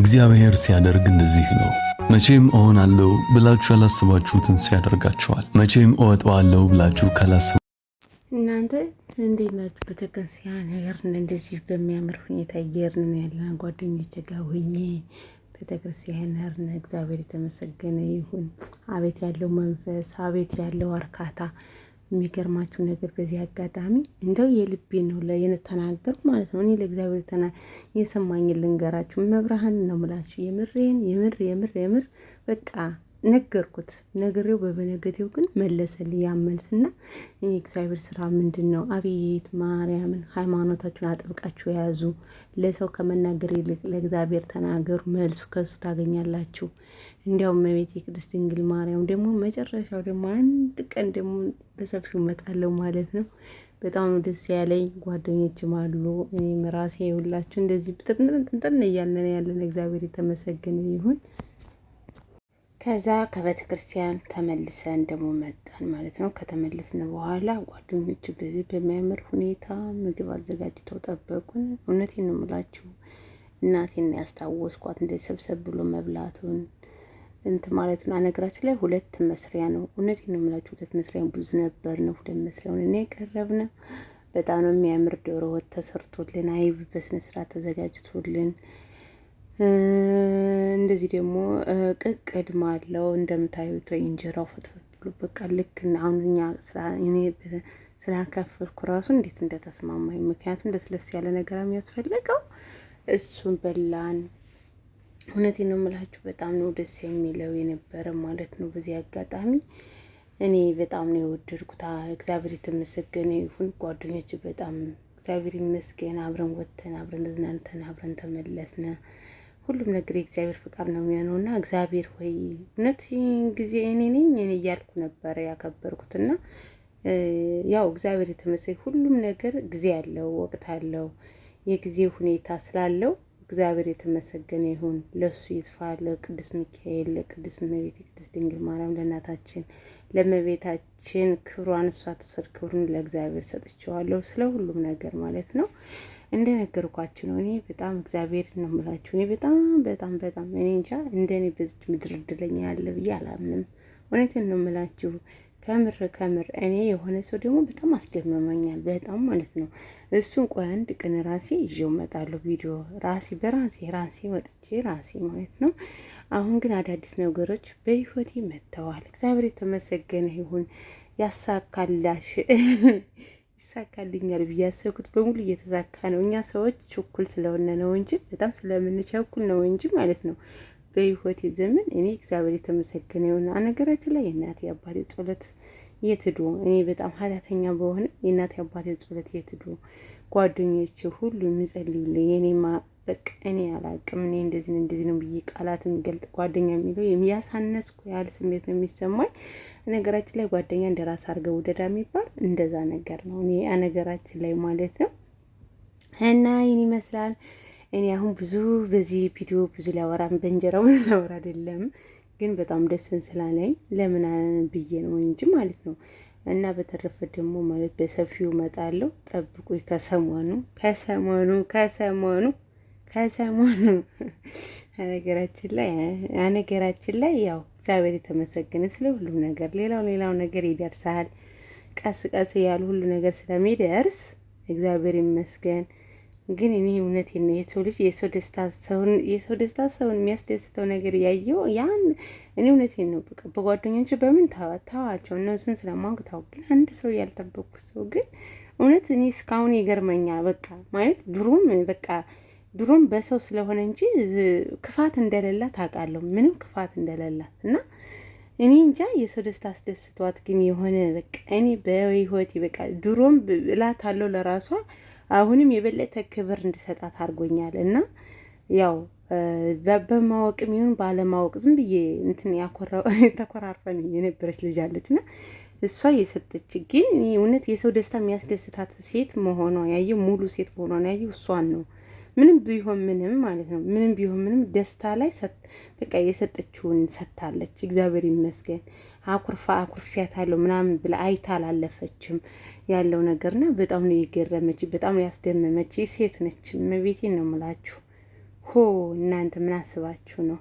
እግዚአብሔር ሲያደርግ እንደዚህ ነው። መቼም እሆናለሁ ብላችሁ ያላስባችሁትን ሲያደርጋችኋል። መቼም እወጣዋለሁ ብላችሁ ካላስ እናንተ እንዴት ናችሁ? ቤተክርስቲያን ሄርን እንደዚህ በሚያምር ሁኔታ እየሄርን ያለ ጓደኞች ጋር ሁኜ ቤተክርስቲያን ሄርን። እግዚአብሔር የተመሰገነ ይሁን። አቤት ያለው መንፈስ፣ አቤት ያለው እርካታ የሚገርማችሁ ነገር በዚህ አጋጣሚ እንደው የልቤ ነው የተናገርኩ ማለት ነው። እኔ ለእግዚአብሔር ተና የሰማኝ ልንገራችሁ፣ መብርሃን ነው ምላችሁ የምሬን የምር የምር የምር በቃ ነገርኩት ነግሬው በበነገቴው ግን መለሰልኝ። እኔ እግዚአብሔር ስራ ምንድን ነው? አቤት ማርያምን ሃይማኖታችሁን አጥብቃችሁ የያዙ ለሰው ከመናገር ይልቅ ለእግዚአብሔር ተናገሩ፣ መልሱ ከሱ ታገኛላችሁ። እንዲያውም መቤት የቅድስት ድንግል ማርያም ደግሞ መጨረሻው ደግሞ አንድ ቀን ደግሞ በሰፊው እመጣለሁ ማለት ነው። በጣም ደስ ያለኝ ጓደኞችም አሉ እኔም ራሴ ሁላችሁ እንደዚህ ብትንጥንጥን እያለን ያለን እግዚአብሔር የተመሰገነ ይሁን። ከዛ ከቤተ ክርስቲያን ተመልሰን ደግሞ መጣን ማለት ነው። ከተመለስን በኋላ ጓደኞች በዚህ በሚያምር ሁኔታ ምግብ አዘጋጅተው ጠበቁን። እውነቴን ነው የምላችሁ፣ እናቴን ያስታወስኳት እንደ ሰብሰብ ብሎ መብላቱን እንት ማለቱን ነው። ላይ ሁለት መስሪያ ነው። እውነቴን ነው የምላችሁ፣ ሁለት መስሪያ ብዙ ነበር ነው። ሁለት መስሪያውን እኔ የቀረብነ በጣም ነው የሚያምር ዶሮ ወጥ ተሰርቶልን አይብ በስነስርዓት ተዘጋጅቶልን እንደዚህ ደግሞ ቅቅልም አለው እንደምታዩት ወይ እንጀራው ፍትፍት ብሎ በቃ ልክ አሁን እኛ ስላካፈልኩ ራሱ እንዴት እንደተስማማኝ። ምክንያቱም ለስለስ ያለ ነገር የሚያስፈልገው እሱን በላን። እውነቴ ነው የምላችሁ በጣም ነው ደስ የሚለው የነበረ ማለት ነው። በዚህ አጋጣሚ እኔ በጣም ነው የወደድኩት። እግዚአብሔር የተመሰገነ ይሁን። ጓደኞች በጣም እግዚአብሔር ይመስገን። አብረን ወጥተን አብረን ተዝናንተን አብረን ተመለስን። ሁሉም ነገር የእግዚአብሔር ፍቃድ ነው የሚሆነው እና እግዚአብሔር ሆይ እውነት ይህን ጊዜ እኔ ነኝ እኔ እያልኩ ነበረ ያከበርኩትና ያው እግዚአብሔር የተመሰገነ ሁሉም ነገር ጊዜ አለው፣ ወቅት አለው፣ የጊዜ ሁኔታ ስላለው እግዚአብሔር የተመሰገነ ይሁን። ለእሱ ይስፋ፣ ለቅዱስ ሚካኤል፣ ለቅዱስ እመቤት፣ ቅድስት ድንግል ማርያም፣ ለእናታችን ለእመቤታችን ክብሯን እሷ ትውሰድ። ክብሩን ለእግዚአብሔር ሰጥቼዋለሁ ስለ ሁሉም ነገር ማለት ነው። እንደነገርኳችሁ ነው። እኔ በጣም እግዚአብሔር ነው የምላችሁ። እኔ በጣም በጣም በጣም እኔ እንጃ እንደኔ በዚች ምድር እድለኛ ያለ ብዬ አላምንም። እውነቴን ነው የምላችሁ። ከምር ከምር እኔ የሆነ ሰው ደግሞ በጣም አስደምመኛል፣ በጣም ማለት ነው። እሱን ቆይ አንድ ቀን ራሴ ይዤው እመጣለሁ ቪዲዮ ራሴ በራሴ ራሴ ወጥቼ ራሴ ማለት ነው። አሁን ግን አዳዲስ ነገሮች በህይወቴ መጥተዋል። እግዚአብሔር የተመሰገነ ይሁን። ያሳካላሽ ይሳካልኛል ብዬ ያሰብኩት በሙሉ እየተሳካ ነው። እኛ ሰዎች ችኩል ስለሆነ ነው እንጂ በጣም ስለምንቸኩል ነው እንጂ ማለት ነው። በህይወቴ ዘመን እኔ እግዚአብሔር የተመሰገነ ይሆን። ነገራችን ላይ የእናቴ አባቴ ጸሎት የትዱ እኔ በጣም ኃጢአተኛ በሆነ የእናቴ አባቴ ጸሎት የትዱ ጓደኞች ሁሉ የሚጸልዩልኝ የኔ በቃ እኔ አላቅም እኔ እንደዚህ ነው እንደዚህ ነው ብዬ ቃላት የሚገልጥ ጓደኛ የሚለው የሚያሳነስኩ ያህል ስሜት ነው የሚሰማኝ። ነገራችን ላይ ጓደኛ እንደ ራስ አድርገህ ውደዳ የሚባል እንደዛ ነገር ነው እኔ ነገራችን ላይ ማለት ነው። እና ይህን ይመስላል። እኔ አሁን ብዙ በዚህ ቪዲዮ ብዙ ሊያወራም በእንጀራው ምን ላወራ አይደለም ግን በጣም ደስን ስላለኝ ለምን ብዬ ነው እንጂ ማለት ነው። እና በተረፈ ደግሞ ማለት በሰፊው እመጣለሁ፣ ጠብቁ። ከሰሞኑ ከሰሞኑ ከሰሞኑ ከሰሞኑ ነገራችን ላይ ነገራችን ላይ ያው እግዚአብሔር የተመሰገነ ስለ ሁሉም ነገር፣ ሌላው ሌላው ነገር ይደርሳል። ቀስ ቀስ እያሉ ሁሉ ነገር ስለሚደርስ እግዚአብሔር ይመስገን። ግን እኔ እውነት ነው የሰው ልጅ የሰው ደስታ ሰውን የሰው ደስታ ሰውን የሚያስደስተው ነገር ያየው ያን እኔ እውነት ነው። በቃ በጓደኞች በምን ታዋቸው እነሱን ስለማወቅ ታው ግን አንድ ሰው ያልጠበቁ ሰው ግን እውነት እኔ እስካሁን ይገርመኛል። በቃ ማለት ድሮም በቃ ድሮም በሰው ስለሆነ እንጂ ክፋት እንደሌላት ታውቃለሁ፣ ምንም ክፋት እንደሌላት እና እኔ እንጃ የሰው ደስታ አስደስቷት ግን የሆነ በቃ እኔ በህይወቴ በቃ ድሮም እላታለሁ ለራሷ አሁንም የበለጠ ክብር እንድሰጣት አድርጎኛል እና ያው በማወቅም ይሁን ባለማወቅ ዝም ብዬ እንትን ተኮራርፈን የነበረች ልጅ አለች አለችና እሷ የሰጠች ግን እውነት የሰው ደስታ የሚያስደስታት ሴት መሆኗ ያየው ሙሉ ሴት መሆኗን ያየው እሷን ነው። ምንም ቢሆን ምንም ማለት ነው። ምንም ቢሆን ምንም ደስታ ላይ በቃ የሰጠችውን ሰጥታለች። እግዚአብሔር ይመስገን። አኩርፋ አኩርፊያታለሁ ምናምን ብላ አይታ አላለፈችም ያለው ነገር እና በጣም ነው የገረመች፣ በጣም ያስደመመች። ሴት ነች። መቤቴን ነው የምላችሁ። ሆ እናንተ ምን አስባችሁ ነው?